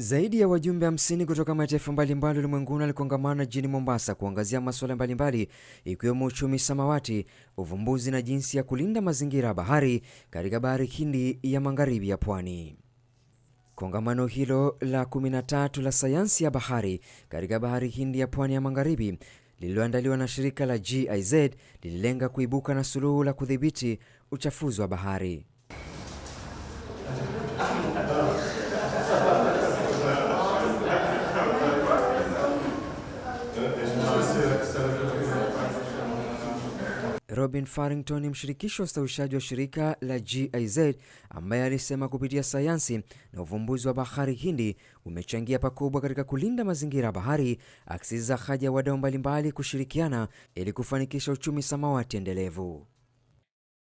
Zaidi ya wajumbe 50 kutoka mataifa mbalimbali ulimwenguni walikongamana jijini Mombasa kuangazia masuala mbalimbali ikiwemo uchumi samawati, uvumbuzi na jinsi ya kulinda mazingira ya bahari katika Bahari Hindi ya Magharibi ya Pwani. Kongamano hilo la 13 la sayansi ya bahari katika Bahari Hindi ya Pwani ya Magharibi lililoandaliwa na shirika la GIZ lililenga kuibuka na suluhu la kudhibiti uchafuzi wa bahari. Robin Farrington, ni mshirikisho wa ustawishaji wa shirika la GIZ, ambaye alisema kupitia sayansi na uvumbuzi wa bahari Hindi umechangia pakubwa katika kulinda mazingira ya bahari, akisisitiza haja ya wadau mbalimbali kushirikiana ili kufanikisha uchumi samawati endelevu.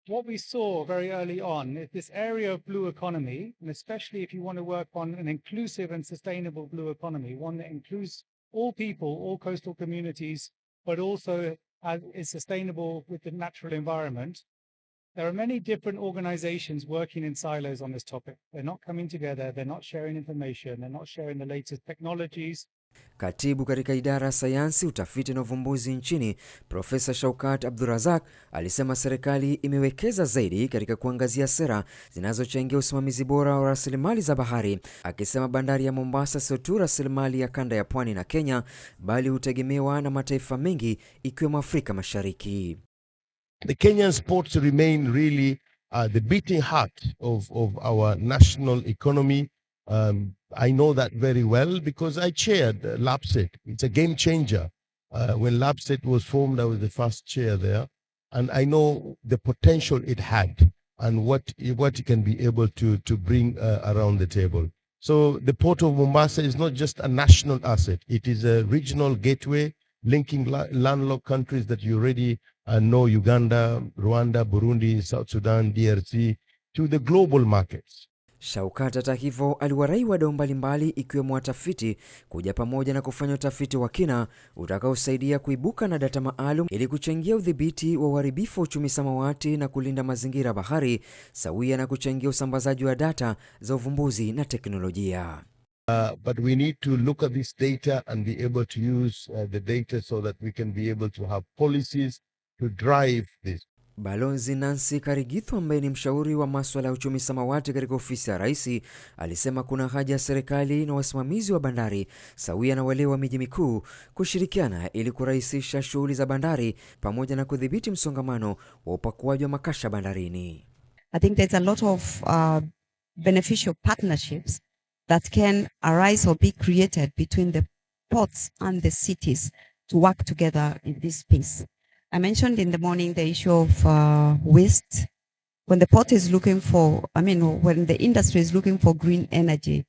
What we saw very early on is this area of blue economy, and especially if you want to work on an inclusive and sustainable blue economy, one that includes all people, all coastal communities, but also uh, is sustainable with the natural environment. There are many different organizations working in silos on this topic. They're not coming together, they're not sharing information, they're not sharing the latest technologies, Katibu katika idara ya sayansi, utafiti na uvumbuzi nchini, Profesa Shaukat Abdurazak alisema serikali imewekeza zaidi katika kuangazia sera zinazochangia usimamizi bora wa rasilimali za bahari, akisema bandari ya Mombasa sio tu rasilimali ya kanda ya pwani na Kenya, bali hutegemewa na mataifa mengi ikiwemo Afrika Mashariki. The Kenyan ports remain really uh, the beating heart of, of our national economy um, I know that very well because I chaired LAPSET. It's a game changer. Uh, when LAPSET was formed, I was the first chair there, and I know the potential it had and what what it can be able to to bring uh, around the table. So the port of Mombasa is not just a national asset; it is a regional gateway linking la- landlocked countries that you already uh, know: Uganda, Rwanda, Burundi, South Sudan, DRC, to the global markets. Shaukat hata hivyo aliwarai wadau mbalimbali ikiwemo watafiti kuja pamoja na kufanya utafiti wa kina utakaosaidia kuibuka na data maalum ili kuchangia udhibiti wa uharibifu wa uchumi samawati na kulinda mazingira bahari sawia na kuchangia usambazaji wa data za uvumbuzi na teknolojia. Uh, but we need to look at this data and be able to use uh, the data so that we can be able to have policies to drive this. Balozi Nancy Karigitho ambaye ni mshauri wa maswala ya uchumi samawati katika ofisi ya rais alisema kuna haja ya serikali na wasimamizi wa bandari sawia na wale wa miji mikuu kushirikiana ili kurahisisha shughuli za bandari pamoja na kudhibiti msongamano wa upakuaji wa makasha bandarini. I think there's a lot of uh, beneficial partnerships that can arise or be created between the ports and the cities to work together in this space. I mentioned in the morning the issue of uh, waste. When the port is looking for, I mean, when the industry is looking for green energy,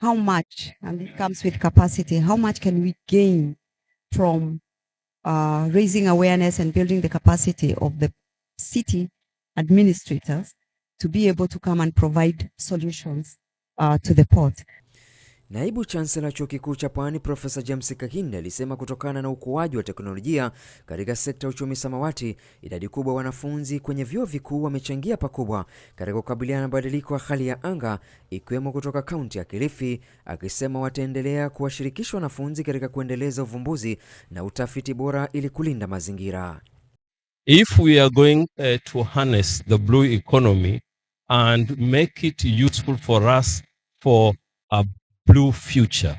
how much, and it comes with capacity, how much can we gain from uh, raising awareness and building the capacity of the city administrators to be able to come and provide solutions uh, to the port? Naibu Chancellor Chuo Kikuu cha Pwani Profesa James Kakinde alisema kutokana na ukuaji wa teknolojia katika sekta ya uchumi samawati, idadi kubwa wanafunzi kwenye vyuo vikuu wamechangia pakubwa katika kukabiliana na mabadiliko ya hali ya anga ikiwemo kutoka kaunti ya Kilifi, akisema wataendelea kuwashirikisha wanafunzi katika kuendeleza uvumbuzi na utafiti bora ili kulinda mazingira. If we are going uh, to harness the blue economy and make it useful for us for a blue future,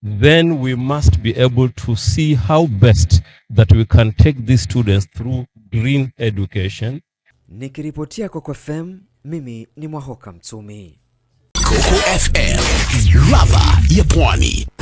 then we must be able to see how best that we can take these students through green education. Nikiripotia Coco FM, mimi ni Mwahoka Mtumi. Coco FM, ladha ya Pwani.